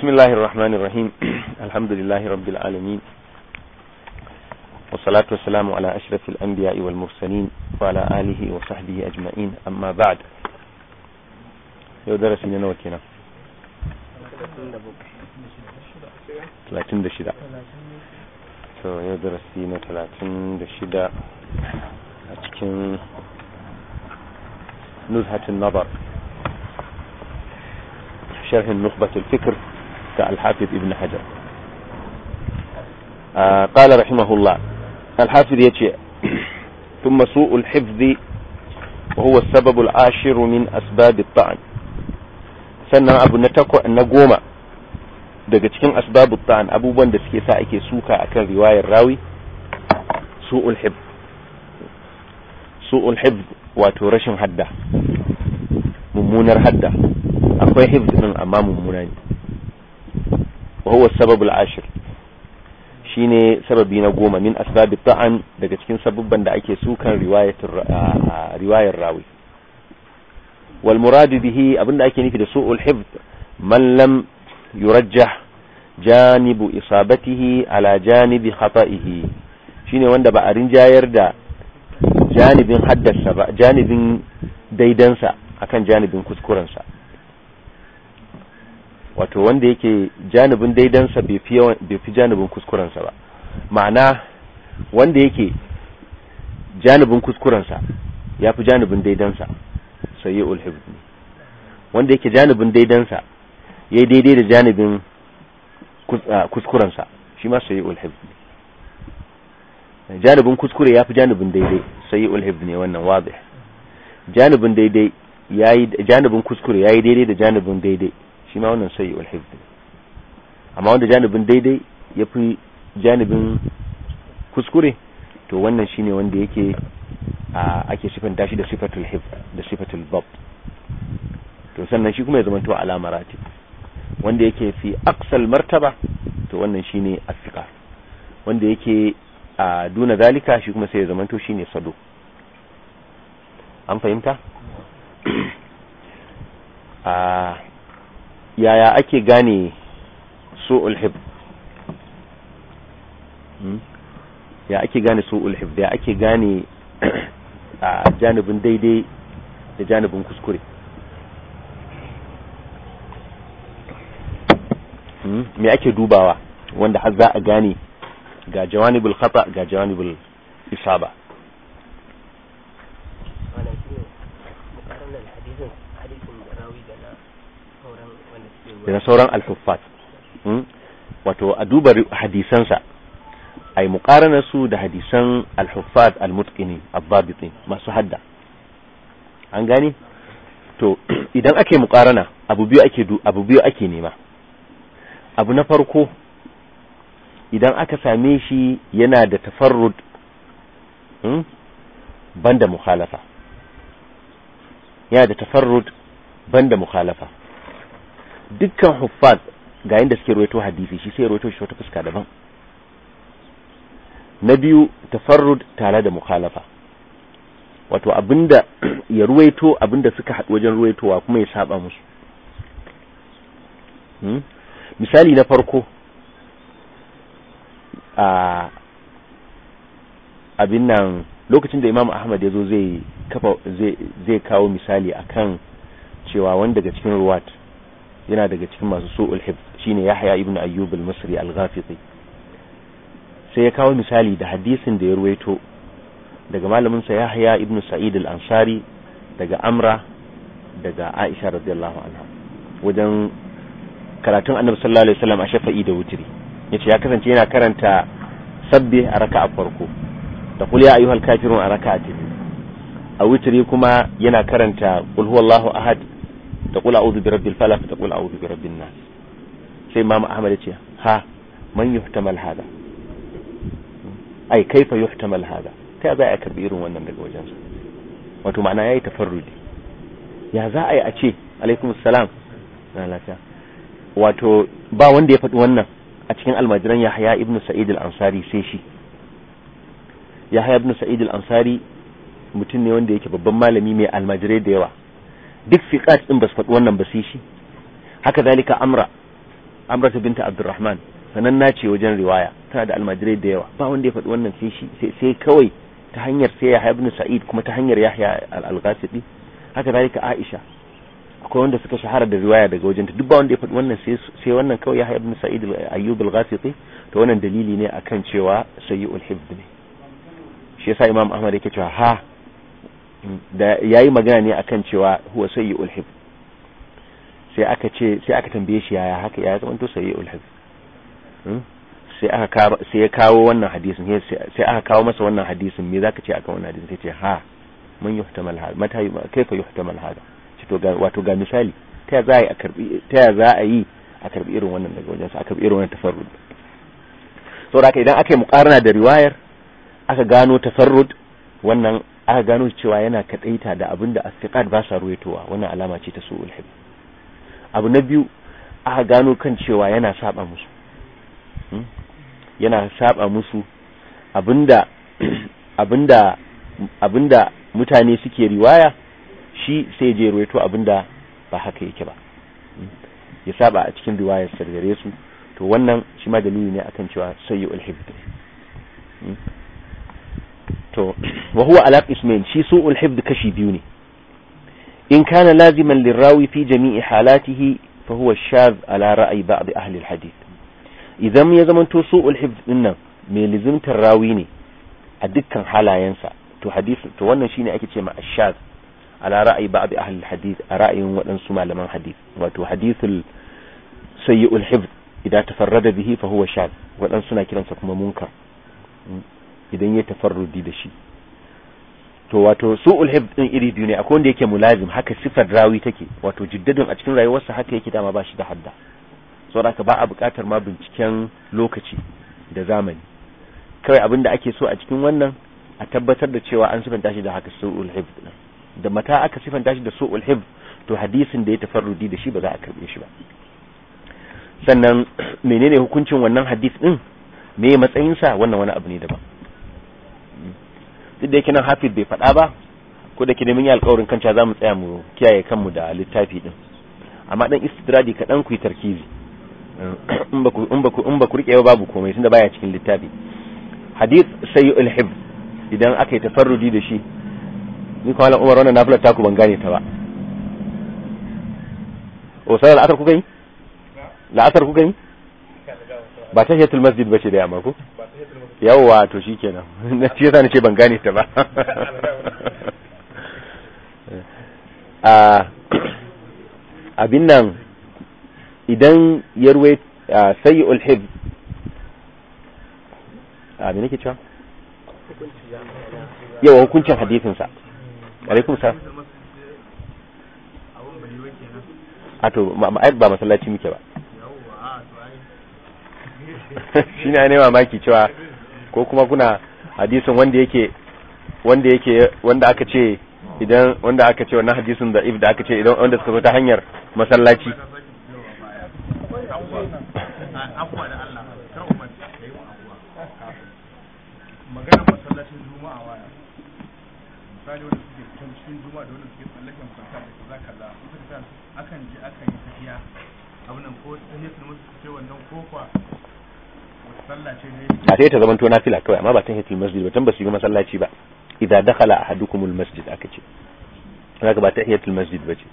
بسم الله الرحمن الرحيم الحمد لله رب العالمين والصلاة والسلام على أشرف الأنبياء والمرسلين وعلى آله وصحبه أجمعين أما بعد يو درس من نوتنا ثلاثين دشدا يو درس من ثلاثين دشدا نزهة النظر شرح النخبة الفكر كالحافظ ابن حجر قال رحمه الله الحافظ يتشي ثم سوء الحفظ وهو السبب العاشر من أسباب الطعن sannan abu na أن نقوم goma daga cikin asbabu ta'an abubuwan da suke sa ake suka akan riwayar rawi su'ul hib su'ul hib wato rashin hadda mummunar hadda akwai hib din amma mummuna ne huwa sababul ashir shine sababi na goma min asbabi ta'an daga cikin sababban da ake sukan riwayar rawi wal muradu bihi abinda ake nufi da su'ul hifd man lam yurajjah janibu isabatihi ala janibi khata'ihi shine wanda ba a rinjayar da janibin haddasa ba janibin daidansa akan janibin kuskurensa wato wanda yake janibin daidansa bai fi janibin kuskurensa ba ma'ana wanda yake janibin kuskurensa ya fi janibin daidansa sayi ulhibni wanda yake janibin daidansa ya yi daidai da janibin ah, kuskurensa shi ma sayi ulhibni janibin kuskure ya fi janibin daidai sayi ulhibni wannan wazi janibin daidai janibin kuskure ya yi daidai da janibin daidai shi ma wannan sai wal amma wanda janibin daidai ya fi janibin kuskure to wannan shine wanda yake ake sifan shi da sifatul hif da sifatul bab to sannan shi kuma ya zamanto alama rati wanda yake fi aksal martaba to wannan shine asiqa wanda yake a duna zalika shi kuma sai ya zamanto shine sado an fahimta a yaya ake gane su ulhib hmm? ya ake gane su ulhib da ake gane a janibin daidai da janibin kuskure hmm? me ake dubawa wanda har za a gane ga jawanibul khata ga jawanibul isaba da na sauran alfuffat hmm? wato a duba hadisansa a yi muƙaranar su da hadisan alfuffat almutkini abbabitin masu hadda an gani to idan ake muƙarana abu biyu ake abu biyu ake nema abu na farko idan aka same shi yana da tafarrud hmm? banda mukhalafa yana da tafarrud banda mukhalafa dukkan huffaz ga yanda suke ruwaito hadisi shi sai ruwaito shi wata fuska daban na biyu tafarrud tare da mukhalafa wato abinda ya ruwaito abinda suka haɗu wajen ruwaitowa kuma ya saba musu hmm? misali na farko a abin nan lokacin da imam ahmad ya zo zai kawo misali akan cewa wani daga cikin ruwat yana daga cikin masu su'ul hifz shine Yahya ibn Ayyub al-Misri al-Ghafiqi sai ya kawo misali da hadisin da ya ruwaito daga malamin sa Yahya ibn Sa'id al-Ansari daga Amra daga Aisha radiyallahu anha wajen karatun Annabi sallallahu alaihi wasallam a shafa'i da wutri yace ya kasance yana karanta sabbi a raka'a farko da qul ya ayyuhal kafirun a raka'a ta biyu a wutri kuma yana karanta qul huwallahu ahad rabbil falaq ta kula auzu bi rabbin nas sai Imam Ahmad yace ha man yuhtamal hada ai kaifa yuhtamal hada ta za a karbi irin wannan daga wajen sa wato ma'ana yayi tafarrudi ya za a yi a ce alaikum assalam na lafiya wato ba wanda ya faɗi wannan a cikin almajiran Yahya ibn Sa'id al-Ansari sai shi Yahya ibn Sa'id al-Ansari mutum ne wanda yake babban malami mai almajirai da yawa duk fiqat din bas faɗi wannan ba shi haka zalika amra amra binta abdurrahman sanan nace wajen riwaya tana da almajirai da yawa ba wanda ya faɗi wannan sai shi sai kawai ta hanyar sai Yahya ibn Sa'id kuma ta hanyar Yahya al-Ghasidi haka zalika Aisha akwai wanda suka shahara da riwaya daga wajen ta duk ba wanda ya faɗi wannan sai sai wannan kawai Yahya ibn Sa'id Ayyub al-Ghasidi to wannan dalili ne akan cewa sayyul hifd ne shi yasa Imam Ahmad yake cewa ha da yayi magana ne akan cewa huwa sayyul hifz sai aka ce sai aka tambaye shi yaya haka ya zama to sayyul hifz hmm? sai aka sai ya kawo wannan hadisin sai aka kawo masa wannan hadisin me zaka ce akan wannan hadisin sai ce ha man yuhtamal hada mata kaifa yuhtamal hada to ga wato ga misali ta ya za a karbi ta ya za a yi a karbi irin wannan daga wajensa a karbi irin wannan tafarrud saboda idan aka yi muqarana da riwayar aka gano tafarrud wannan aka gano cewa yana kadaita da abinda da astiqat ba sa ruwaitowa wannan alama ce ta su'ul hib abu na biyu aka gano kan cewa yana saba musu hmm? yana saba musu abinda abinda abinda mutane suke riwaya shi sai je ruwaito abinda ba haka yake ba hmm? ya saba a cikin riwayar sargare su to wannan shi ma dalili ne akan cewa sayyul hib to wa huwa ala shi su'ul hifd kashi biyu ne in kana laziman lirawi fi jami'i halatihi fa huwa shadh ala ra'yi ba'd ahli alhadith idan ya zamanto su'ul hifd din mai lizimtar rawi ne a dukkan halayensa to hadith to wannan shine ake ce ma ashadh ala ra'yi ba'd ahli alhadith a ra'ayin waɗansu malaman hadith wato hadithul sayyi'ul hifd idan tafarrada bihi fa huwa shadh wadansu na kiransa kuma munkar hmm. idan ya tafarrudi da shi to wato su'ul hifd din iri biyu ne akwai wanda yake mulazim haka sifar rawi take wato jiddadin a cikin rayuwarsa haka yake dama ba shi da hadda saboda ba a buƙatar ma binciken lokaci da zamani kawai abinda ake so a cikin wannan a tabbatar da cewa an sifanta shi da haka su'ul hifd da mata aka sifanta shi da su'ul hifd to hadisin da ya tafarrudi da shi ba za a karbe shi ba sannan menene hukuncin wannan hadis din me matsayin sa wannan wani abu ne daban duk da yake nan hafiz bai faɗa ba ko da ke da mun yi alƙawarin kanta za mu tsaya mu kiyaye kanmu da littafi din amma dan istidradi kaɗan ku yi tarkizi in ba ku in ba ku rike babu komai tunda baya cikin littafi hadith sayyul hib idan aka yi tafarrudi da shi ni kuma Umar wannan nafila ta ku ban gane ta ba o sai la'asar ku gani la'asar ku gani ba ta shatul masjid ba ce da yamma ko yawwa to shi kenan na ce yasa na ce ban gane ta ba a abin nan idan yarwe sai ulhib abin nake cewa yawa hukuncin hadithinsa alaikun sa a to ba masallaci muke ba ne ainihin mamaki cewa ko kuma kuna hadisun wanda yake wanda yake wanda aka ce idan wanda aka ce wannan hadisun da if da aka ce idan wanda suka zo ta hanyar masallaci a ta zama to fila kawai amma ba ta hiyatul masjid ba tan ba su yi masallaci ba idza dakhala ahadukumul masjid aka ce zaka ba ta hiyatul masjid ba ce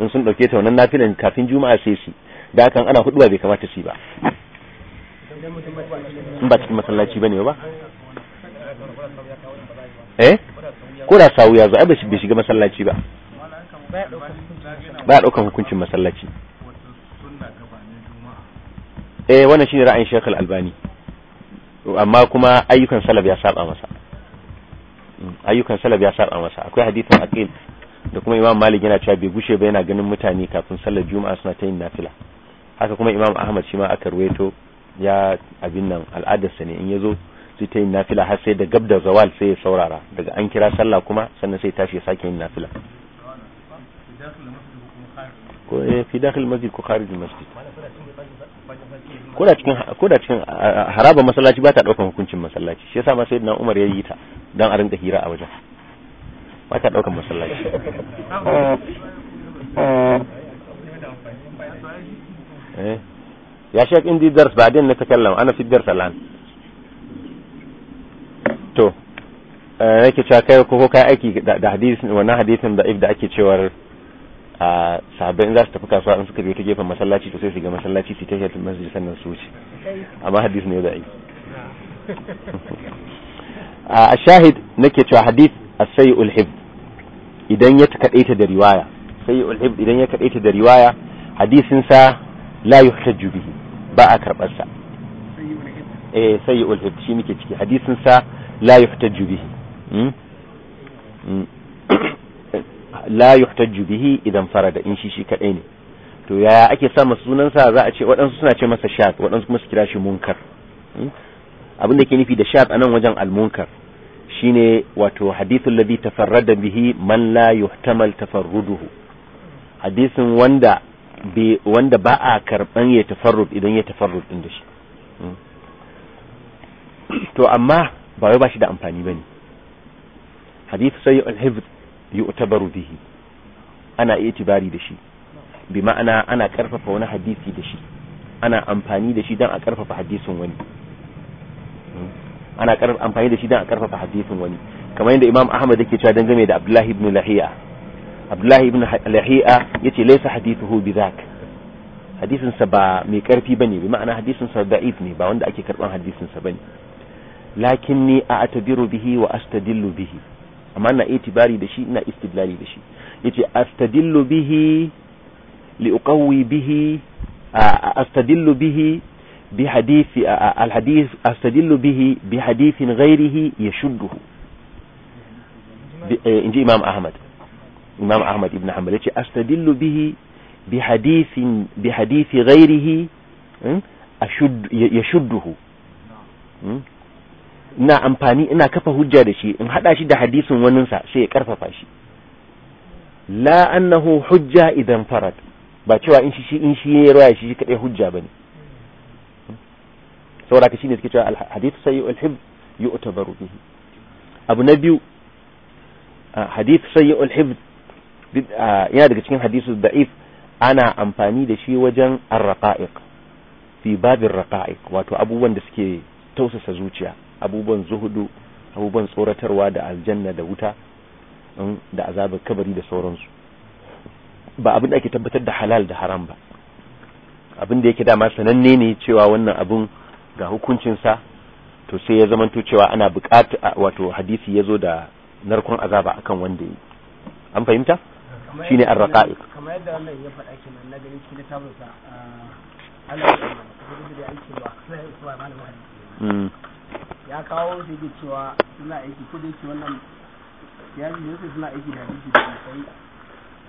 in sun dauke ta wannan nafilan kafin juma'a sai su da hakan ana hudu bai kamata su ba in ba cikin masallaci bane ba eh ko da sawu ya zo ai bai shiga masallaci ba ba ya daukan hukuncin masallaci eh wannan shine ra'ayin Sheikh Al-Albani amma kuma ayyukan salaf ya saba masa mm, ayyukan salaf ya saba masa akwai hadithin aqil da kuma Imam Malik yana cewa bai gushe ba yana ganin mutane kafin sallar Juma'a suna ta yin nafila haka kuma Imam Ahmad shi ma aka ruwaito ya abin nan sa ne in yazo sai ta yin nafila har sai da gab da zawal sai ya saurara daga an kira sallah kuma sannan sai tashi ya sake yin nafila ko fi dakhil masjid ko eh, kharij masjid ko da cikin haraba masallaci ba ta daukan hukuncin masallaci shi yasa ma sayyidina Umar ya yi ta dan a rinka hira a wajen ba ta daukan masallaci eh. ya shek indi dars ba din بعدين نتكلم ana fi dars alan to eh yake cewa kai ko kai aiki da hadisin wannan hadisin da if ake cewa a sahabbai za su tafi kasuwa in suka biyo ta gefen masallaci to sai su ga masallaci su tafiya ta masjid sannan su wuce amma hadis ne da yi a shahid nake cewa hadis asai ulhib idan ya ta da riwaya sai ulhib idan ya ta da riwaya hadisin sa la yuhtaju bihi ba a karbar sa eh sai ulhib shi muke ciki hadisin sa la yuhtaju bihi hmm? Hmm. la yuhtajju bihi idan farada in shi shi kadai ne to yaya ake sa masa sa za a ce waɗansu suna ce masa shat waɗansu kuma su kira shi munkar hmm? abin da ke nufi da shat anan wajen almunkar shine wato hadithul ladhi tafarrada bihi man la yuhtamal tafarruduhu hadisin wanda be wanda ba a karban ya tafarrud idan ya tafarrud din da shi hmm? to amma ba wai ba shi da amfani bane hadith sai al hifdh yu'tabaru bihi ana itibari da shi bi ma'ana ana karfafa wani hadisi da shi ana amfani da shi dan a karfafa hadisin wani ana amfani da shi dan a karfafa hadisin wani kamar yadda imam ahmad yake cewa dangane da abdullahi ibn lahiya abdullahi ibn lahiya yace laysa hadithuhu bidhak hadisin sa ba mai karfi bane bi ma'ana hadisin sa da'if ne ba wanda ake karban hadisin sa bane lakinni a'tabiru bihi wa astadillu bihi amma ina itibari da shi ina istidlali da shi yace astadillu bihi li uqawwi bihi astadillu bihi bi hadisi al hadith astadillu bihi bi hadithin ghairihi yashudduhu inji imam ahmad imam ahmad ibn hanbal yace astadillu bihi bi hadithin bi hadithi ghairihi ashud yashudduhu ina amfani ina kafa hujja da shi in hada shi da hadisin waninsa sai ya karfafa shi la annahu hujja idan farad ba cewa in shi in shi ya raya shi kadai hujja bane saboda shine suke cewa al-hadith sayyi al-hib yu'tabaru bihi abu na biyu hadith sayyi al-hib yana daga cikin hadisu da'if ana amfani da shi wajen ar-raqa'iq fi babir raqa'iq wato abubuwan da suke tausasa zuciya abubuwan zuhudu abubuwan tsoratarwa da aljanna da wuta um, da azabar kabari da sauransu ba abin da ake tabbatar da halal da haram ba abin da yake dama sananne ne cewa wannan abun ga hukuncinsa to sai ya zamanto cewa ana bukata wato hadisi ya zo da narkon azaba akan wanda yi an fahimta shi ne an raka'i kamar yadda wannan ya faɗa ke nan na gani cikin ah, ana da ba sai ya ya kawo shi yake cewa suna aiki ko da yake wannan ya yi yake suna aiki da hadisi da sai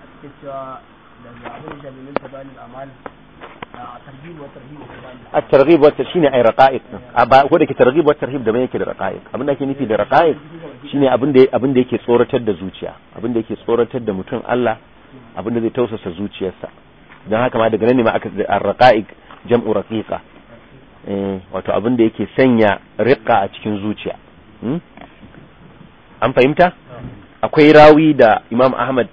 a cikin cewa da abin da min tabalil amal الترغيب والترهيب shine ai raqa'iq ba ko da ke targhib wa tarhib da yake da raqa'iq abin da ake nufi da raqa'iq shine abin da abin da yake tsoratar da zuciya abin da yake tsoratar da mutum Allah abin da zai tausasa zuciyarsa dan haka ma daga nan ne ma aka ar-raqa'iq jam'u raqiqa Eh, wato abin da yake sanya riƙa a cikin zuciya hmm? an fahimta akwai rawi da imam ahmad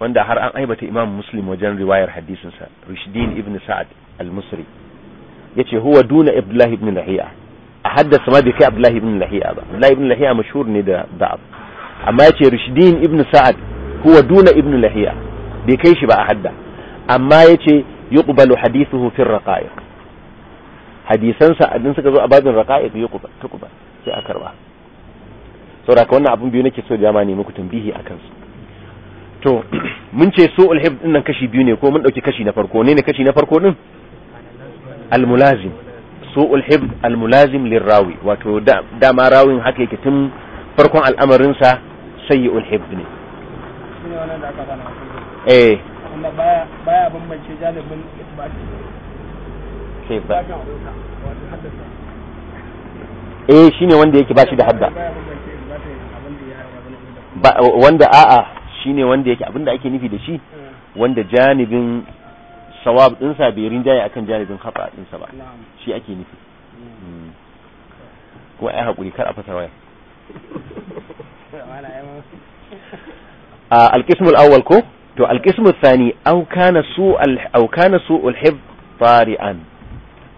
wanda har an aibata imam muslim wajen riwayar hadisinsa rishidin ibn sa'ad al-musri ya ce huwa duna abdullahi ibn lahiya a haddasa ma bai kai abdullahi ibn lahiya ba abdullahi ibn lahiya mashhur ne da da'ab amma yace rishidin ibn sa'ad huwa duna ibn lahiya bai kai shi ba a hadda amma yace yuqbalu hadithuhu fi raqa'iq hadisansa adin suka zo a babin raqa'iq ya kuba sai a karba saboda ka wannan abun biyu nake so da ma ne muku tambihi akan su to mun ce su'ul hifd din nan kashi biyu ne ko mun dauki kashi na farko ne ne kashi na farko din al-mulazim su'ul hifd al-mulazim lirawi wato dama rawin haka yake tun farkon al'amarin sa sayyi'ul hifd ne eh baya baya bambance jalibin shaifan eh shine wanda yake bashi da hadda wanda a'a shine wanda yake abinda ake nufi da shi wanda janibin sawab din sa bai rinjaye akan janibin khata sa ba shi ake nufi ko ai hakuri kar a fasa waya ko to كو تو aw kana su al aw kana su al الحفظ tari'an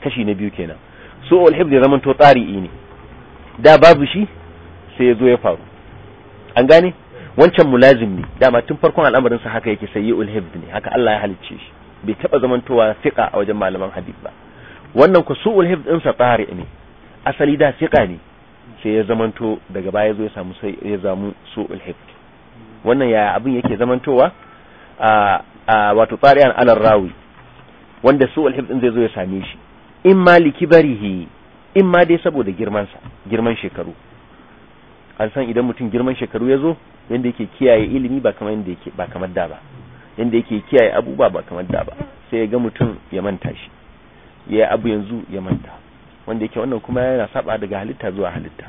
kashi na biyu kenan su ulhib da zaman tsari'i ne da babu shi sai ya zo ya faru an gane wancan mulazim ne dama tun farkon al'amarin sa haka yake sai yi ulhib ne haka Allah ya halicce shi bai taba zamantowa fiƙa a wajen malaman hadith ba wannan ku su ulhib din tsari ne asali da fiƙa ne sai ya zamanto daga baya zo ya samu sai ya zamu su ulhib wannan yaya abin yake zamantowa a wato tsari an rawi wanda su alhib zai zo ya same shi in ma likibarihi in ma dai saboda girmansa girman shekaru an san idan mutum girman shekaru ya zo yadda yake kiyaye ilimi ba kamar yake ba kamar da ba yadda yake kiyaye abubuwa ba kamar da ba sai ya ga mutum ya manta shi ya yi abu yanzu ya manta wanda yake wannan kuma yana saba daga halitta zuwa halitta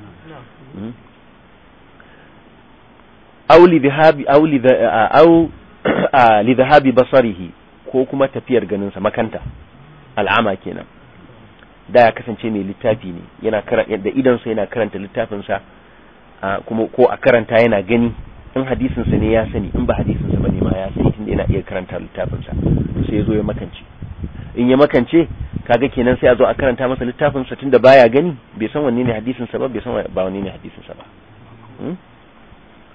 auli dhahabi auli au li basarihi ko kuma tafiyar ganinsa makanta al'ama kenan da ya kasance mai littafi ne yana da idansa yana karanta littafinsa kuma ko a karanta yana gani in hadisinsa ne ya sani in ba hadisinsa ba ne ma ya sani tunda yana iya karanta littafinsa sai ya zo ya makance in ya makance kaga kenan sai a zo a karanta masa littafinsa tunda baya gani bai san wanne ne hadisinsa ba bai san ba wanne ne hadisinsa ba hmm?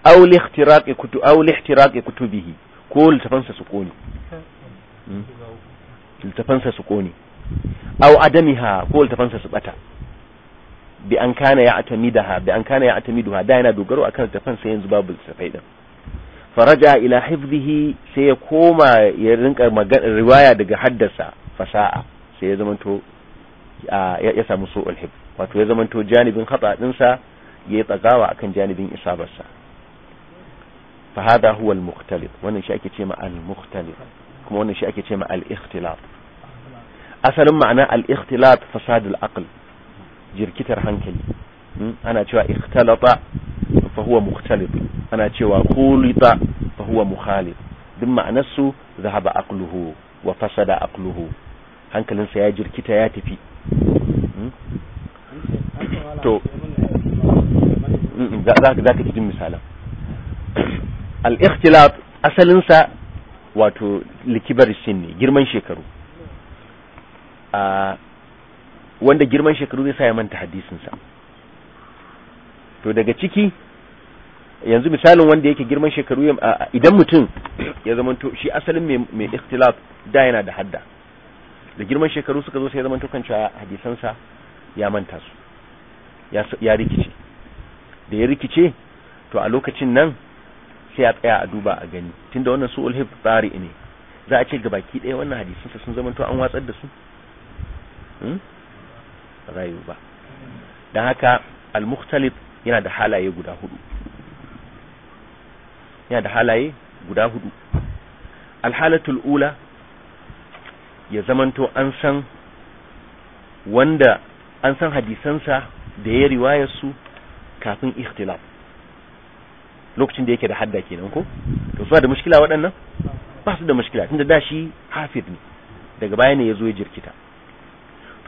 aw li ihtiraq kutu aw li ihtiraq kutubihi ko littafansa su kone hmm? littafansa su kone aw adamiha ko littafansa su bata bi an kana ya atamidaha bi an kana ya atamiduha da yana dogaro akan littafan sai yanzu babu littafai din faraja ila hifdhihi sai ya koma ya rinka riwaya daga haddasa fasa'a sai ya zamanto ya samu su'ul hifd wato ya zamanto janibin khata din sa yayi tsagawa akan janibin sa fa hada huwa al-mukhtalif wannan shi ake ce ma al-mukhtalif kuma wannan shi ake ce ma al-ikhtilaf asalin ma'ana al-ikhtilat fasadul aql jirkitar hankali hmm? ana cewa ikhtalata fa huwa mukhtalif ana cewa khulita fa huwa mukhalif duk ma'anar su zahaba aqluhu wa fasada aqluhu hankalinsa ya jirkita ya tafi hmm? to hmm, za ka jin misalan al-ikhtilat asalinsa wato likibar sinni girman shekaru wanda girman shekaru zai sa ya manta hadisinsa to daga ciki yanzu misalin wanda yake girman shekaru idan mutum ya to shi asalin mai ikhtilaf da yana da hadda da girman shekaru suka zo sai ya zamanto kan cewa hadisansa ya manta su ya rikice da ya rikice to a lokacin nan sai ya tsaya a duba a gani tunda wannan su hib tsari ne za a ce gabaki ɗaya wannan hadisansa sun zamanto an watsar da su rayu hmm? ba don haka al-mukhtalif yana da halaye guda hudu yana da halaye guda hudu alhalatul ula ya zamanto an san wanda an san hadisansa da ya riwayar su kafin ikhtilaf lokacin da yake da hadda kenan ko to su da mushkila waɗannan ba su da mushkila tunda da shi hafiz ne daga baya ne ya zo ya jirkita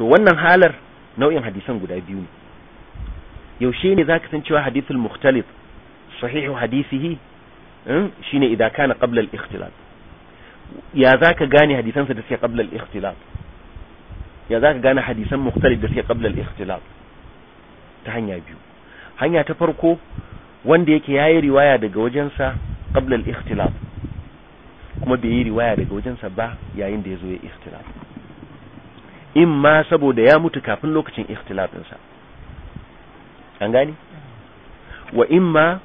to wannan halar nau'in hadisan guda biyu ne yaushe ne zaka san cewa hadithul mukhtalif sahihu hadisihi hmm? shine idan kana qabla al-ikhtilaf ya zaka gane hadisansa da suke qabla al-ikhtilaf ya zaka gane hadisan mukhtalif da suke qabla al-ikhtilaf ta hanya biyu hanya ta farko wanda yake yayi riwaya daga wajensa qabla al-ikhtilaf kuma bai yi riwaya daga wajensa ba yayin da yazo ya ikhtilaf in ma saboda ya mutu kafin lokacin ikhtilafinsa an gani wa in ma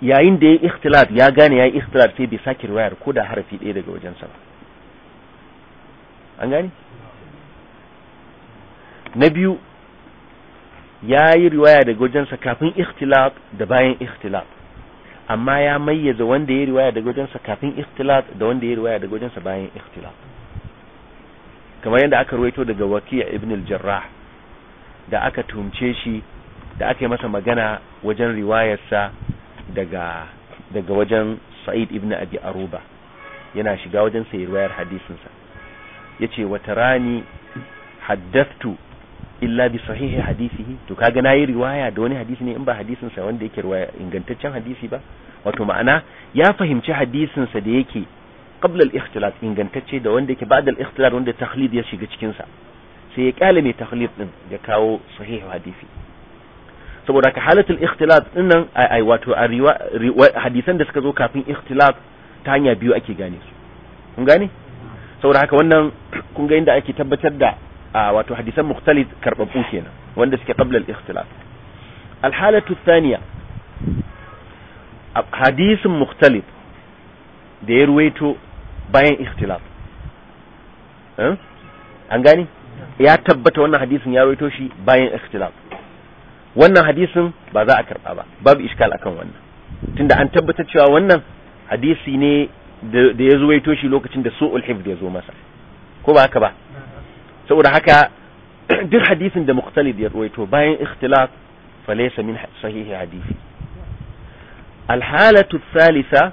yayin da ya ikhtilaf ya gane ya yi ikhtilaf sai bai sake riwayar ko da harafi ɗaya daga wajensa ba an gani na biyu ya yi riwaya daga wajensa kafin ikhtilaf da bayan ikhtilaf amma ya mayyaza wanda ya riwaya daga wajensa kafin ikhtilaf da wanda ya riwaya daga wajensa bayan ikhtilaf kamar yadda aka ruwaito daga wakiya ibn al-jarrah da aka tumce shi da aka yi masa magana wajen riwayarsa daga daga wajen sa'id ibn abi aruba yana shiga wajen sai riwayar hadisinsa yace wata rani haddathtu illa bi sahihi hadisihi to kaga nayi riwaya da wani hadisi ne in ba hadisin sa wanda yake riwaya ingantaccen hadisi ba wato ma'ana ya fahimci hadisin sa da yake qabla ikhtilat ingantacce da wanda yake ba'da ikhtilat wanda takhlid ya shiga cikin sa sai ya kyale mai takhlid din ya kawo sahih hadisi saboda ka halatul ikhtilat din ai ai wato hadisan da suka zo kafin ikhtilat ta hanya biyu ake gane su kun gane saboda haka wannan kun ga inda ake tabbatar da wato hadisan mukhtalif karbabu kenan wanda suke qabla al-ikhtilaf thaniya hadisin mukhtalif da ya ruwaito bayan ikhtilaf eh? an gani ya tabbata wannan hadisin ya roito shi bayan ikhtilaf wannan hadisin ba za a karba ba babu iskal akan wannan tunda an tabbata cewa wannan hadisi ne da ya zuwaito shi lokacin da su'ul hifd ya zo masa ko ba haka ba saboda haka duk hadisin da muqtalid ya ruwaito bayan ikhtilaf laysa min sahihi hadisi alhalatu thalitha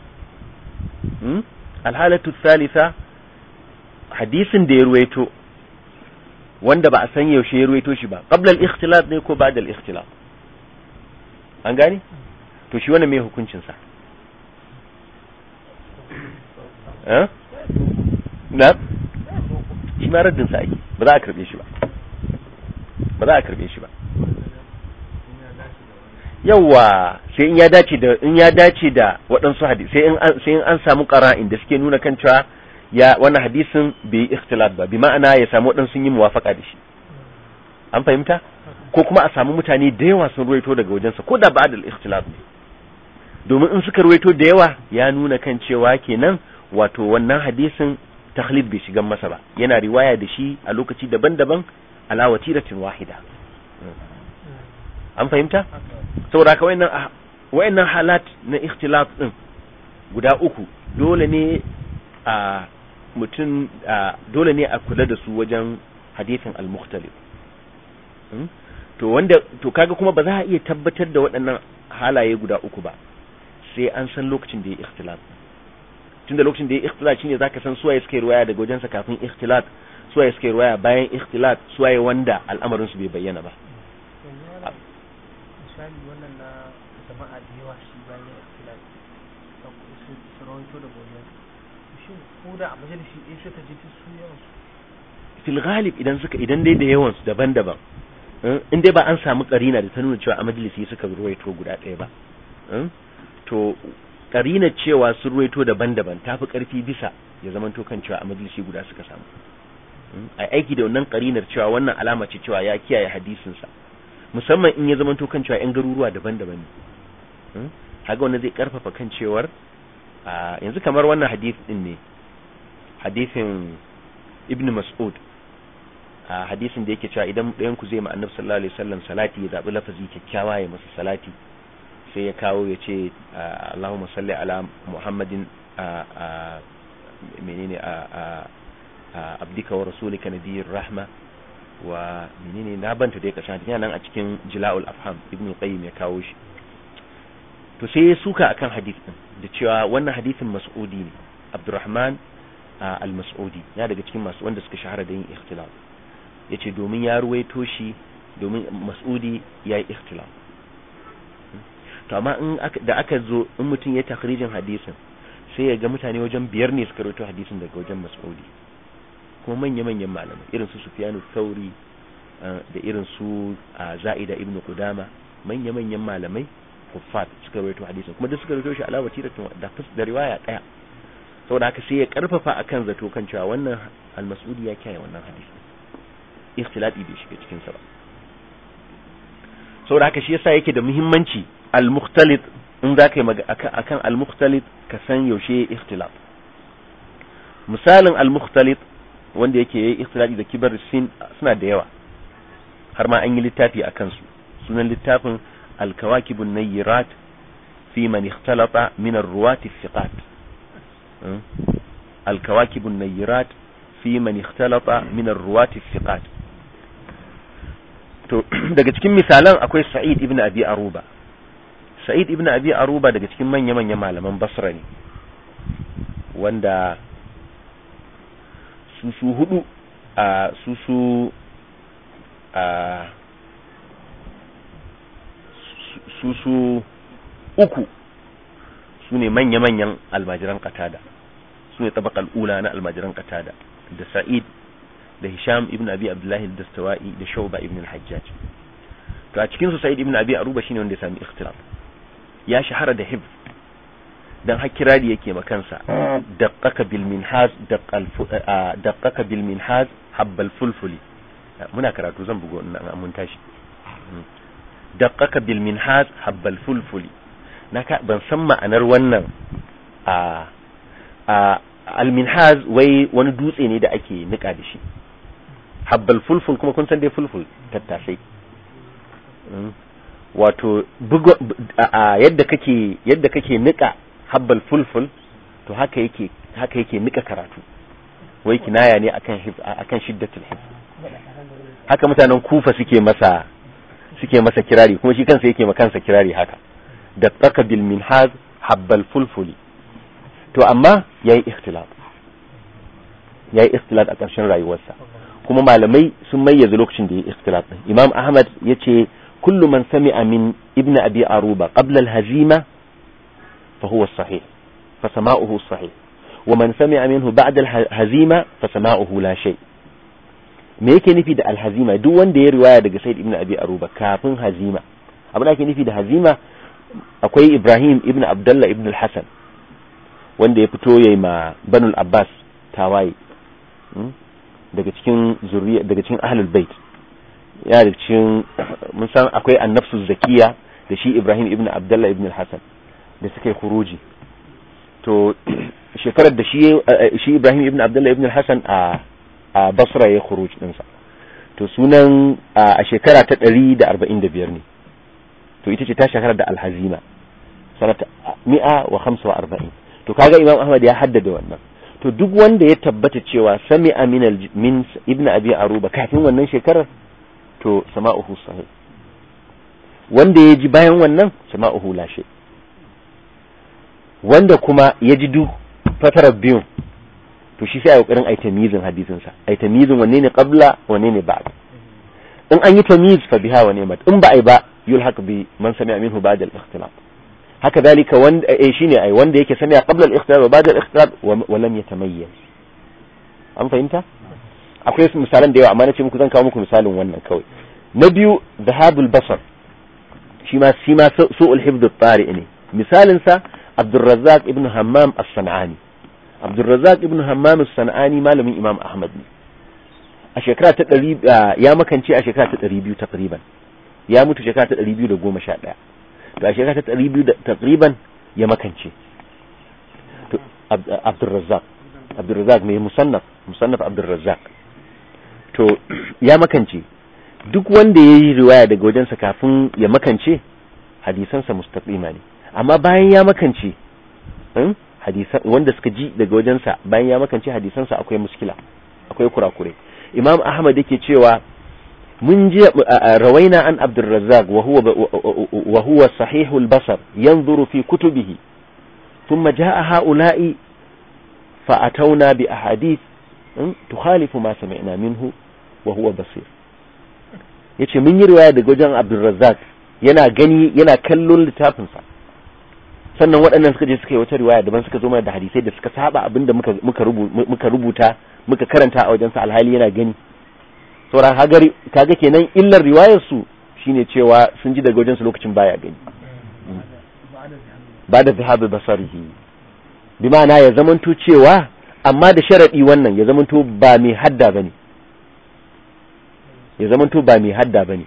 hmm? alhalatu salisa hadisin da ya ruwaito wanda ba a san yaushe ya ruwaito shi ba qabla al-ikhtilat ne ko ba'da al-ikhtilat an gani to shi wannan me hukuncin sa eh na shi ma raddin sa ake ba za a karbe shi ba ba za a karbe shi ba yawa sai in ya dace da in ya dace da waɗansu hadisi sai in sai in an samu qara'in da suke nuna kan cewa ya wannan hadisin bai ikhtilaf ba bi ma'ana ya samu waɗansu yin muwafaka da shi an fahimta ko kuma a samu mutane da yawa sun ruwaito daga wajensa ko da ba da ikhtilaf ne domin in suka ruwaito da yawa ya nuna kan cewa kenan wato wannan hadisin takhlid bai shigan masa ba yana riwaya da shi a lokaci daban-daban ala watiratin wahida an fahimta saboda haka wayannan ah, wayannan halat na ikhtilaf din guda uku dole ne a mutum dole ne a kula da su wajen hadisin al-mukhtalif hmm? to wanda to kaga kuma ba za a iya tabbatar da waɗannan halaye guda uku ba sai an san lokacin da ya ikhtilaf tunda lokacin da ya ikhtilaf shine zaka san suwaye suke ruwaya daga sa kafin ikhtilaf suwaye suke ruwaya bayan ikhtilaf suwaye wanda al'amarin su bai bayyana ba misali wannan na jama'a da yawa shi bayan ya ikhlasi da kusa tsoron to da goyon shi ko da a majalisi ɗaya suka ta su yawan su fil ghalib idan suka idan dai da yawan su daban-daban eh, in dai ba an samu karina da ta nuna cewa a majalisi suka ruwaito guda ɗaya ba eh, to karina cewa sun ruwaito daban-daban ta fi karfi bisa ya zamanto kan cewa a majalisi guda suka samu eh, a aiki da wannan karinar cewa wannan alama ce cewa ya kiyaye hadisinsa musamman in ya zamanto kan cewa yan garuruwa daban-daban ne haka hmm? wanda zai karfafa kan cewar yanzu kamar wannan hadith din ne hadithin ibn mas'ud a hadisin da yake cewa idan ɗayan ku zai ma annabi sallallahu alaihi wasallam salati ya zabi lafazi kyakkyawa ya masa salati sai ya kawo ya ce Allahumma salli ala Muhammadin menene a abdika wa rasulika nabiyir rahma wa menene na banta dai karshen hadisin nan a cikin jila'ul afham ibnu qayyim ya kawo shi to sai ya suka akan hadith din da cewa wannan hadisin mas'udi ne abdurrahman al-mas'udi ya daga cikin masu wanda suka shahara da yin ikhtilaf yace domin ya ruwaito shi domin mas'udi yayi ikhtilaf to amma in da aka zo in mutum ya takrijin hadisin sai ya ga mutane wajen biyar ne suka ruwaito hadisin daga wajen mas'udi kuma manya-manyan malamai irin su Sufyanu sauri eh, da irin su za'ida ibn Qudama manya-manyan malamai kuffat suka rawaito hadisin kuma duk suka rawaito shi ala wati da da riwaya daya saboda haka sai ya karfafa akan zato kan cewa wannan al-mas'udi ya kiyaye wannan hadisi ikhtilafi bi shi cikin sa saboda haka shi yasa yake da muhimmanci al-mukhtalit in za ka yi akan al-mukhtalit ka san yaushe ikhtilaf misalin al-mukhtalit wanda yake yayi iftiradi da kibar sin suna da yawa har ma an yi littafi a kansu sunan littafin al-kawakibun nayyirat fi man ikhtalata min ar-ruwat thiqat hmm? al-kawakibun nayyirat fi man ikhtalata min ar-ruwat thiqat to daga cikin misalan akwai sa'id ibn abi aruba sa'id ibn abi aruba daga cikin manya-manyan malaman basra ne wanda su su hudu a su su a su su uku su ne manya-manyan almajiran katada su ne tabakal ula na almajiran katada da sa'id da hisham ibn abi abdullahi dastawa'i da shauba ibn al-hajjaj to a cikin su sa'id ibn abi aruba shine wanda ya sami ikhtilaf ya shahara da hifz dan kirari yake kansa ah. daqqaka bil minhaj ah, ah, daqqaka bil minhaj habbal fulfuli muna karatu zan bugo nan mun tashi hmm. daqqaka bil minhaj habbal fulfuli naka ban san ma'anar wannan a al minhaj wai wani dutse ne da ake nika da shi habbal fulful kuma kun san dai fulful tattasai hmm. wato yadda kake yadda kake nika habbal fulful to haka yake haka yake nika karatu wai kinaya ne akan akan shiddatul hifz haka mutanen kufa suke masa suke masa kirari kuma shi kansa yake ma kansa kirari haka da tsaka bil habbal fulfuli to amma yayi ikhtilaf yayi ikhtilaf a ƙarshen rayuwarsa kuma malamai sun mayyaza lokacin da yayi ikhtilaf imam ahmad yace kullu man sami'a min ibn abi aruba qabla al hazima فهو الصحيح فسماؤه الصحيح ومن سمع منه بعد الهزيمة فسماؤه لا شيء me yake nufi da alhazima duk wanda ya riwaya daga Said ibn Abi Aruba kafin hazima abin da yake nufi da hazima akwai Ibrahim ibn Abdullah ibn al wanda ya fito yi ma Banul Abbas tawaye hmm? daga cikin zuriya daga cikin ahlul bait ya da cikin mun san akwai annafsu zakiya da shi Ibrahim ibn ibn da suka yi kuroji to shekarar da shi eh, Ibrahim ibn abdullahi ibn hassan hasan a Basra ya kuroji ɗinsa to sunan a shekara ta 145 ne to ita ce ta shekara da wa hazima wa 145 to kaga Imam Ahmad ya haddada wannan to duk wanda ya tabbata cewa sami aminal min ibn abi aruba kafin wannan shekarar to sama'uhu sahih wanda ya ji bayan wannan sama'uhu lashe wanda kuma ya ji duk fatarar biyun to shi sai a kokarin ai tamyizin hadisin sa ai tamyizin wanne ne qabla wanne ne ba in an yi tamyiz fa biha wa ni'mat in ba a yi ba haka bi man sami'a minhu ba'da al-ikhtilaf haka dalika wanda ne eh, eh, shine ai wanda yake sami qabla al-ikhtilaf wa ba'da al-ikhtilaf wa lam yatamayyaz an fahimta akwai misalan da yawa amma nace muku zan kawo muku misalin wannan kawai na biyu dhahabul basar shi ma shi ma su'ul hifdh at-tari ne misalin sa Abdurrazzaq ibn Hammam as-San'ani Abdurrazzaq ibn Hammam as-San'ani malamin Imam Ahmad ne a shekara ta 100 ya makance a shekara ta 200 takriban ya mutu shekara ta 211 to a shekara ta 200 takriban ya makance to Abdurrazzaq Abdurrazzaq mai musannaf musannaf Abdurrazzaq to ya makance duk wanda yayi riwaya daga wajensa kafin ya makance hadisansa mustaqima ne amma bayan ya makance hmm, hadisan wanda suka ji daga wajensa bayan ya makance hadisansa akwai muskila akwai kurakure imam ahmad yake cewa mun ji rawaina an abdurrazzaq wa huwa wa huwa sahihul basar yanzuru fi kutubihi thumma jaa haula'i fa atawna bi ahadith hmm, tukhalifu ma sami'na minhu wa huwa basir yace mun yi riwaya daga wajen abdurrazzaq yana gani yana kallon littafinsa sannan waɗannan suka je suka yi wata riwaya daban suka zo mana da hadisai da suka saba abinda muka muka rubuta muka karanta a wajen su alhali yana gani sauran hagari kaga kenan illar riwayar su shine cewa sun ji daga wajen su lokacin baya gani ba da zahabu basarihi bi ma'ana ya zamanto cewa amma da sharadi wannan ya zamanto ba mai hadda bane ya zamanto ba mai hadda bane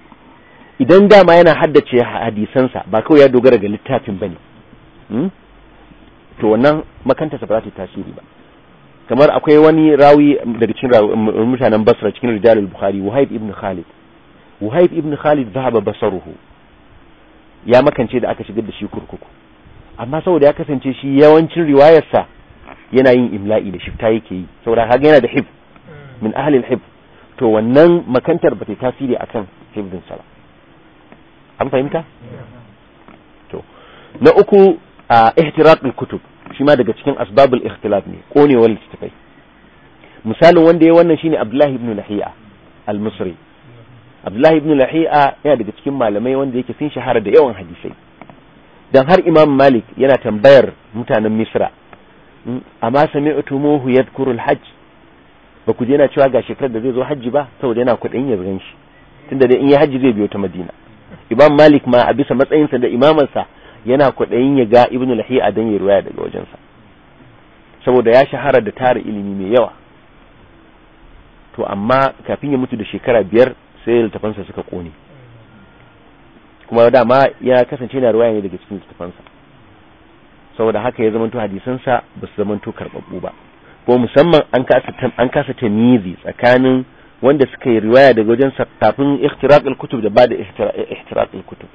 idan dama yana haddace hadisansa ba kawai ya dogara ga littafin bane Hmm? to wannan makantarsa ba za ta tasiri ba kamar akwai wani rawi daga cikin um, um, mutanen basra cikin rijalul bukhari wahib ibn khalid wahib ibn khalid zahaba basaruhu ya makance da aka shigar da shi kurkuku amma saboda ya kasance shi yawancin riwayarsa yana yin imla'i da shifta yake yi saboda kaga yana da hib min ahli al-hib to wannan makantar ba ta tasiri akan hibdin sala an fahimta to na uku a al-kutub shi ma daga cikin asbabul ikhtilaf ne konewar istifai misalin wanda ya wannan shine Abdullahi ibn Lahiya al-Misri Abdullahi ibn Lahiya yana daga cikin malamai wanda yake sun shahara da yawan hadisai dan har Imam Malik yana tambayar mutanen Misra amma muhu yadhkuru al-hajj ba ku je yana cewa ga shekarar da zai zo hajji ba saboda yana kudin ya zanshi tunda dai in ya hajji zai biyo ta Madina Imam Malik ma a bisa matsayinsa da imamansa yana kwaɗayin ya ga ibn lahiya don ya ruwaya daga wajensa saboda ya shahara da tara ilimi mai yawa to amma kafin ya mutu da shekara biyar sai littafansa suka kone kuma dama ya kasance na ruwaya ne daga cikin littafansa saboda haka ya zamanto hadisansa ba su zamanto karɓaɓɓu ba ko musamman an kasa tamizi tsakanin wanda suka yi riwaya daga wajen kafin ikhtiraq al-kutub da bada ikhtiraq al-kutub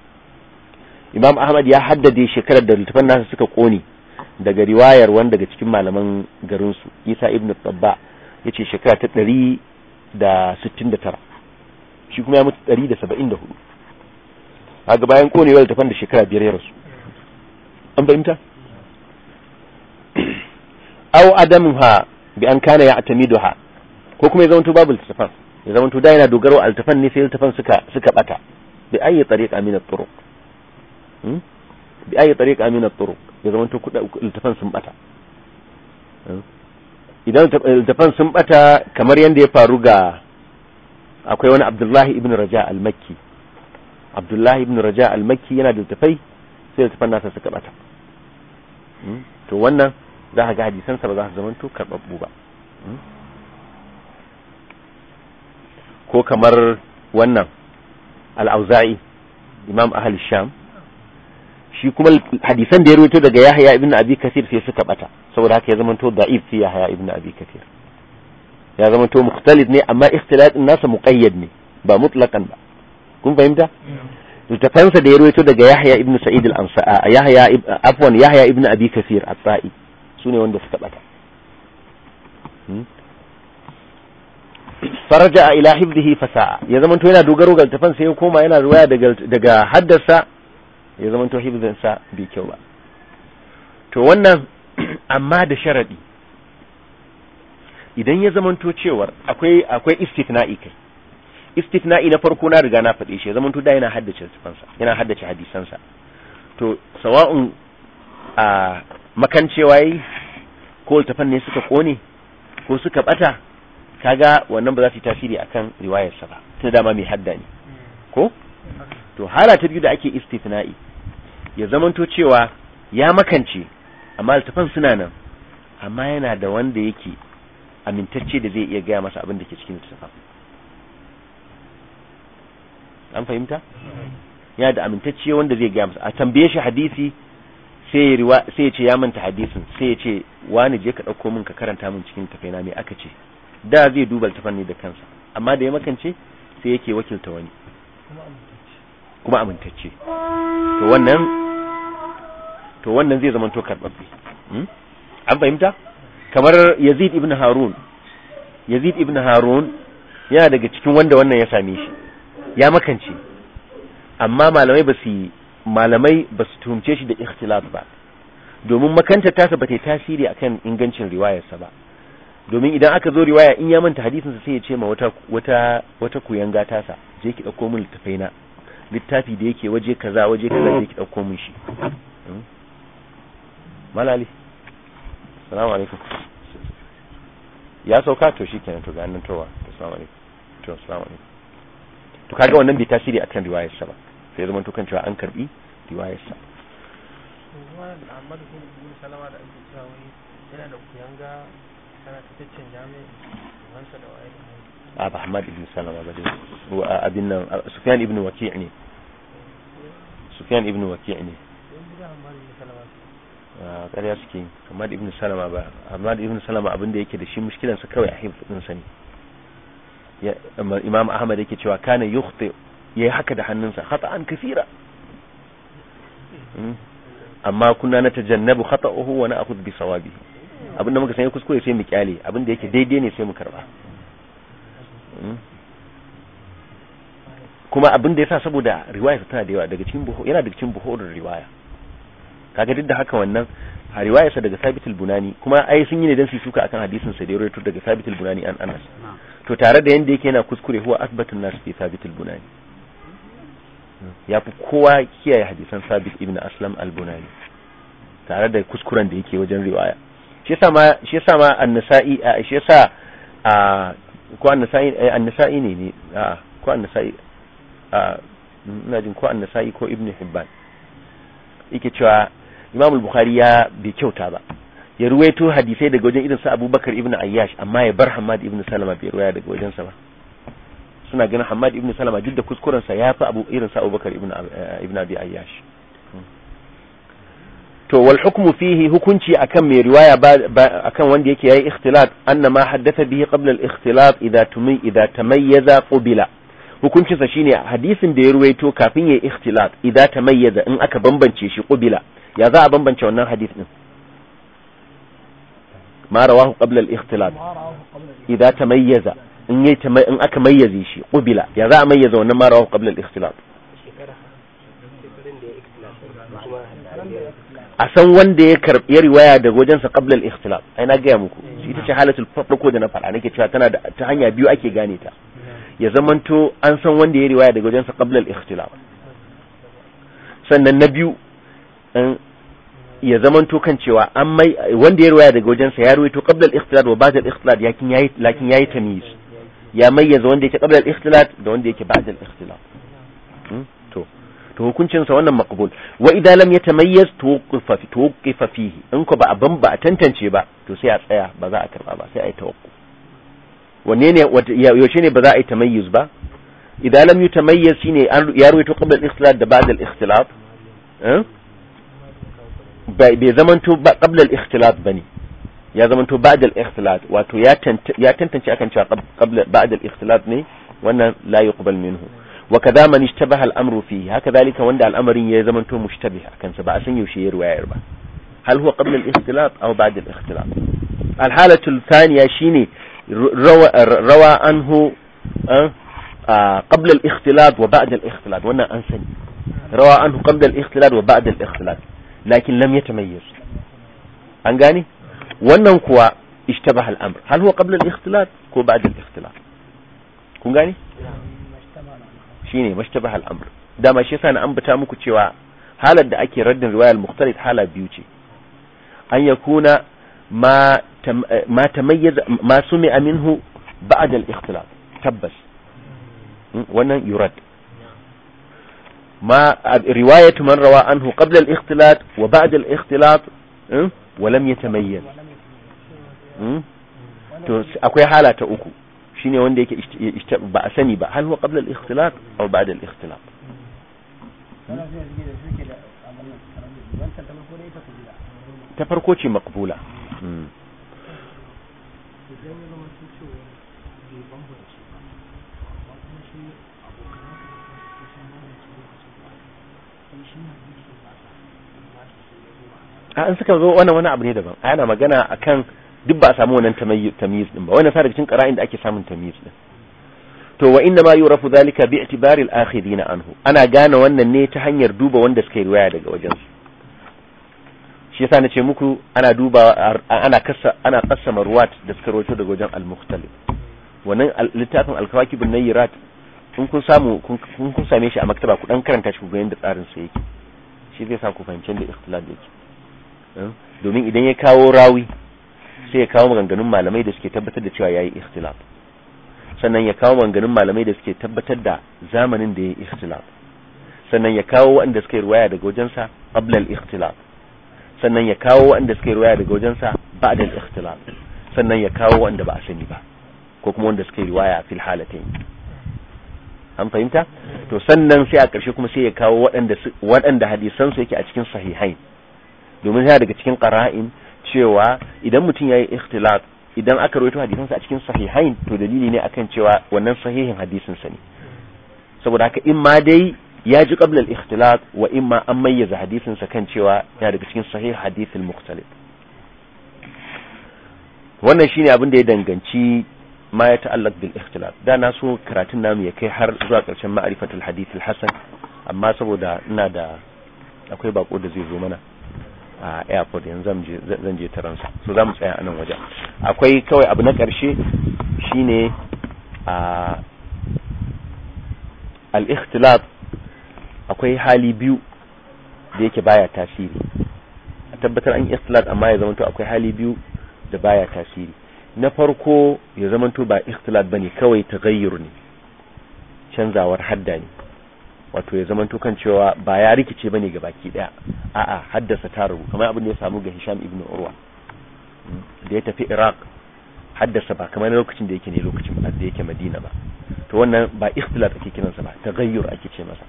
imam ahmad ya haddade shekarar da littafan nasa suka kone daga riwayar wani daga cikin malaman garinsu isa ibn tabba ya ce shekara ta 169 shi kuma ya mutu 174 a ga bayan konewar littafan da shekara biyar ya rasu an fahimta? au adamu ha bi an kana ya atamidu ha ko kuma ya zamanto babu littafan ya zamanto da yana dogaro a littafan ne sai littafan suka bata bi ayi tsariƙa min turuq Hmm? bi ayi tariqa min at-turuq ya zaman to kuda sun bata idan littafan sun bata hmm? kamar yanda ya faru ga akwai wani Abdullahi ibn Raja al-Makki Abdullahi ibn Raja al-Makki yana da littafai sai littafan nasa suka bata hmm? to wannan za ka ga hadisan sa ba za su zama to karbabbu ba ko kamar wannan al-Auza'i Imam ahli Sham shi kuma hadisan da ya rubuta daga Yahya ibn Abi Kathir sai suka bata saboda haka ya zamanto da'if fi Yahya ibn Abi Kathir ya zamanto mukhtalif ne amma ikhtilatin nasa muqayyad ne ba mutlaqan ba kun fahimta littafansa da ya rubuta daga Yahya ibn Sa'id al-Ansa'a Yahya afwan Yahya ibn Abi Kathir at-Ta'i sune wanda suka bata hmm? faraja ila hibdihi fasa ya zamanto yana dogaro ga tafan sai ya koma yana ruwaya daga daga haddasa ya zama to hibzin sa bai kyau ba to wannan amma da sharadi idan ya zama to cewar akwai akwai istithna'i kai istithna'i na farko na riga na faɗe shi ya zama to da yana haddace sifansa yana haddace hadisansa to sawa'un a makancewa yi ko littafan ne suka kone ko suka bata kaga wannan ba za su yi tasiri akan riwayarsa ba tunda dama mai hadda ne ko to hala ta biyu da ake istifna'i ya zamanto cewa ya makance amma altafan suna nan amma yana da wanda yake amintacce da zai iya gaya masa abin da ke cikin littafan an fahimta yana da amintacce wanda zai gaya masa a tambaye shi hadisi sai ya ce ya manta hadisin sai ya ce wani je ka ɗauko min ka karanta min cikin tafaina mai aka ce da zai duba littafan ne da kansa amma da ya makance sai yake wakilta wani kuma amintacce to wannan to wannan zai zama to karbabbe hmm? an fahimta kamar Yazid ibn Harun Yazid ibn Harun yana daga cikin wanda wannan ya same shi ya makance amma malamai ba su malamai ba su tuhumce shi da ikhtilaf ba domin makanta ta ba ta tasiri akan ingancin riwayarsa ba domin idan aka zo riwaya in ya manta hadisinsa sai ya ce ma wata wata wata kuyanga tasa je ki dauko min littafai na littafi da yake waje kaza waje kaza da yake dauko mun shi hmm? malali assalamu alaikum ya sauka to shikenan to ga nan towa assalamu alaikum to assalamu alaikum to kaga wannan bai tasiri akan riwayar sa ba sai zaman to kan cewa an karbi riwayar sa yana da kuyanga tana ta canja mai wansa da wa'ayi abu ahmad ibn salama ba dai abin nan sufyan ibn waki' ne sufyan ibn waki' ne ƙarya suke ahmad ibn salama ba ahmad ibn salama abin da yake da shi mushkilansa kawai a hifz din sani imam ahmad yake cewa kana yukhti yayi haka da hannunsa khata'an kaseera amma kunna na tajannabu khata'uhu wa na'khudh bi sawabihi abinda muka sanya kuskure sai mu kyale abinda yake daidai ne sai mu karba kuma abin da yasa saboda riwaya tana da yawa daga cikin buhu yana daga cikin buhurin riwaya kaga duk da haka wannan a riwayarsa daga Sabit al-Bunani kuma ai sun yi ne dan su shuka akan hadisin sa da ya rawaito daga Sabit al-Bunani an Anas to tare da yanda yake yana kuskure huwa asbatun nas fi Sabit al-Bunani fi kowa kiyaye hadisan Sabit ibn Aslam al-Bunani tare da kuskuren da yake wajen riwaya shi yasa ma shi yasa ma an-Nasa'i shi yasa a ko annasa'i eh, annasa'i ne ne a ko annasa'i a ina jin ko annasa'i ko ibnu hibban yake cewa imam al-bukhari ya bi kyauta ba ya ruwaito hadisai daga wajen irin su abubakar ibn ayyash amma ya bar hamad ibn salama bai ruwaya daga wajen sa ba suna ganin hamad ibn salama duk da kuskuren sa ya yafi abu irin sa abubakar ibn eh, ibn abi ayyash to wal hukmu fihi hukunci akan mai riwaya akan wanda yake yayi ikhtilat anna ma haddatha bihi qabla al ikhtilat idza tumi idza tamayyaza qubila hukuncin sa shine hadisin da ya ruwaito kafin yayi ikhtilat idza tamayyaza in aka bambance shi qubila ya za a bambance wannan hadis din ma rawahu qabla al ikhtilat idza tamayyaza in yayi in aka mayyaze shi qubila ya za a mayyaza wannan ma rawahu qabla al ikhtilat a san wanda ya karɓi riwaya daga wajensa qablal ikhtilaf ai na gaya muku shi ita ce halatul farko da na fara nake cewa tana da ta hanya biyu ake gane ta ya zamanto an san wanda ya riwaya daga wajensa qablal ikhtilaf sannan na biyu ya zamanto kan cewa an mai wanda ya riwaya daga wajensa ya ruwaito qablal ikhtilaf wa ba'dal ikhtilaf yakin yayi lakin yayi tamyiz ya mayyaza wanda yake qablal ikhtilaf da wanda yake ba'dal ikhtilaf hmm? to hukuncinsa wannan maqbul wa idza lam yatamayyaz tuqifa fi tuqifa fihi in ko ba a ba a tantance ba to sai a tsaya ba za a karba ba sai a yi tawakkuf wanne ne yaushe ne ba za a yi tamayyuz ba idza lam yatamayyaz shine ya ruwaito qabla al-ikhtilaf da ba'da al-ikhtilaf eh? bai zamanto ba qabla al-ikhtilaf bane ya zamanto ba'da al-ikhtilaf wato ya tantance akan cewa qabla ba'da al-ikhtilaf ne wannan la yuqbal minhu وكذا من اشتبه الأمر فيه هكذلك وندع الأمر يزمن تو مشتبه كان سبع سن يشير ويعربه هل هو قبل الاختلاط أو بعد الاختلاط الحالة الثانية شيني روى, روى عنه أه؟ آه، قبل الاختلاط وبعد الاختلاط وانا أنسن روى عنه قبل الاختلاط وبعد الاختلاط لكن لم يتميز أنقاني وانا هو اشتبه الأمر هل هو قبل الاختلاط هو بعد الاختلاط كون قاني shine mashtabah amr dama shi yasa na ambata muku cewa halar da ake raddin riwayar mukhtalif hala biyu ce an yakuna ma ma tamayyaza ma sumi'a minhu ba'd al-ikhtilaf tabbas hmm, wannan yurad ما رواية من wa عنه قبل الاختلاط وبعد الاختلاط ولم يتميز akwai hala ta uku شيني وندي يشت ب سني هل هو قبل الاختلاط أو بعد الاختلاط؟ تفرقوتي مقبولة. أنا سكر وأنا وأنا عبد هذا أنا ما جانا أكن duk ba a samu wannan tamyiz din ba wannan sa daga cikin qara'in da ake samun tamyiz din to wa inna ma yurafu zalika bi i'tibari al akhirin anhu ana gane wannan ne ta hanyar duba wanda suka yi riwaya daga wajen su shi yasa nace muku ana duba ana kassa ana qassama ruwat da suka rawaito daga wajen al-mukhtalif wannan littafin al-kawakib an-nayrat in kun samu kun kun same shi a maktaba ku dan karanta shi ku ga yanda tsarin sa yake shi zai sa ku fahimci da ikhtilaf yake eh? domin idan ya kawo rawi sai ya kawo maganganun malamai da suke tabbatar da cewa yayi ikhtilaf sannan ya kawo maganganun malamai da suke tabbatar da zamanin da yayi ikhtilaf sannan ya kawo waɗanda suke riwaya daga wajensa qabla al-ikhtilaf sannan ya kawo waɗanda suke riwaya daga wajensa ba'da al-ikhtilaf sannan ya kawo waɗanda ba a sani ba ko kuma wanda suke riwaya fil halatayn an fahimta to sannan sai a ƙarshe kuma sai ya kawo waɗanda waɗanda hadisan su yake a cikin sahihain domin yana daga cikin qara'in cewa idan mutum ya yi ikhtilat idan aka rawaito hadisansa a cikin sahihain to dalili ne akan cewa wannan sahihin hadisin sa ne saboda haka in ma dai ya ji qabla al-ikhtilat wa in ma an mayyaza hadisin sa kan cewa yana daga cikin sahih hadithul mukhtalif wannan shine abin da ya danganci ma ya ta'allaq bil ikhtilaf da na so karatun namu ya kai har zuwa ƙarshen ma'rifatul hadithul hasan amma saboda ina da akwai bako da zai zo mana a airport yanzu zan je sa so za mu tsaya a nan wajen akwai kawai abu na ƙarshe shine a al ikhtilaf akwai hali biyu da yake baya tasiri a tabbatar an ikhtilaf amma ya zamanto akwai hali biyu da baya tasiri na farko ya zamanto ba ba ne kawai ta ne canzawar hadda ne wato ya zamanto kan cewa ba ya rikice bane ga baki daya a'a haddasa taru kamar abin da ya samu ga Hisham ibn Urwa da ya tafi Iraq haddasa ba kamar lokacin da yake ne lokacin da yake Madina ba to wannan ba ikhtilat ake kiransa ba tagayyur ake ce masa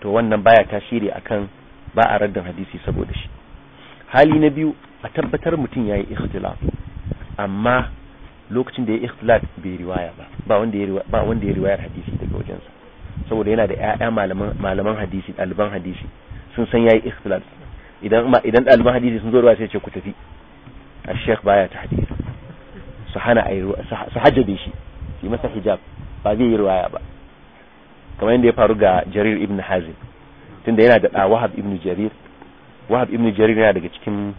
to wannan baya tashiri akan ba a raddan hadisi saboda shi hali na biyu a tabbatar mutum yayi ikhtilaf amma lokacin da ya ikhtilat bai riwaya ba ba wanda ya riwaya ba wanda ya riwayar hadisi daga wajensa saboda yana da ƴaƴa malaman malaman hadisi alban hadisi sun san yayi ikhtilaf idan idan alban hadisi sun zo ruwa sai ce ku tafi al-sheikh baya tahdid su hana ayi su hajjabe shi yi masa hijab ba zai yi ruwaya ba kamar yadda ya faru ga Jarir ibn Hazim tunda yana da Wahab ibn Jarir Wahab ibn Jarir yana daga cikin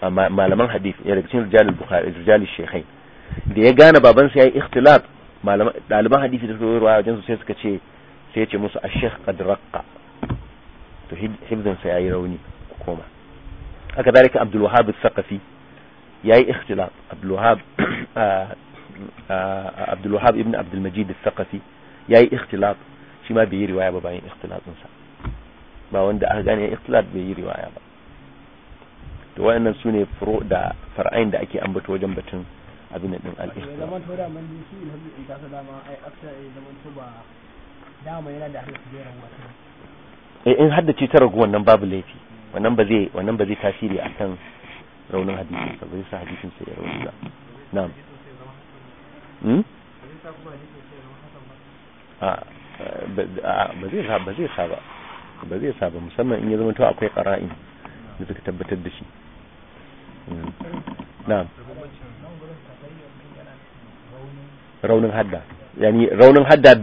ah, malaman hadith yana daga cikin rijalul Bukhari rijalul Shaykhain da ya gane babansa yayi ikhtilaf malaman ɗaliban hadisi da suka ruwaya wajen su sai suka ce sai ya ce musu ash-shaykh to hibzin ya yi rauni koma haka dalika Abdul Wahhab al ya yi ikhtilaf Abdul Wahhab Abdul Wahhab ibn Abdul Majid al-Thaqafi yayi ikhtilaf shi ma bai yi riwaya ba bayan ikhtilafin sa ba wanda aka gane ikhtilaf bai yi riwaya ba to wayannan sune furu da far'ain da ake ambato wajen batun abin din al-ikhtilaf in yana da halin jeran wata in ta ragu wannan babu laifi wannan ba zai wannan ba zai tasiri akan raunin hadisin sa zai sa hadisin sa ya rauni ba na'am hmm a ba zai sa ba zai sa ba ba zai sa ba musamman in ya zama to akwai qara'in da suka tabbatar da shi hmm. na'am raunin hadda yani raunin hadda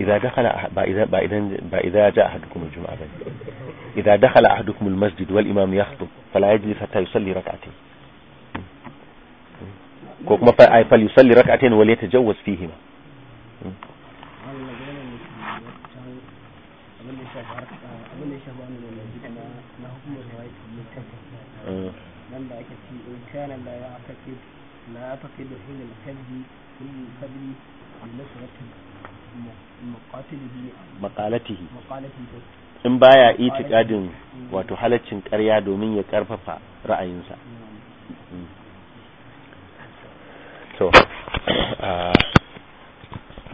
إذا دخل أحد... إذا با إذا جاء أحدكم الجمعة بني. إذا دخل أحدكم المسجد والإمام يخطب فلا يجلس حتى يصلي ركعتين كما فليصلي ركعتين وليتجوز فيهما كان لا يعتقد لا يعتقد حين الكذب في الفجر maqalatihi in baya itikadin wato halaccin ƙarya domin ya karfafa ra'ayinsa to mm. mm. uh,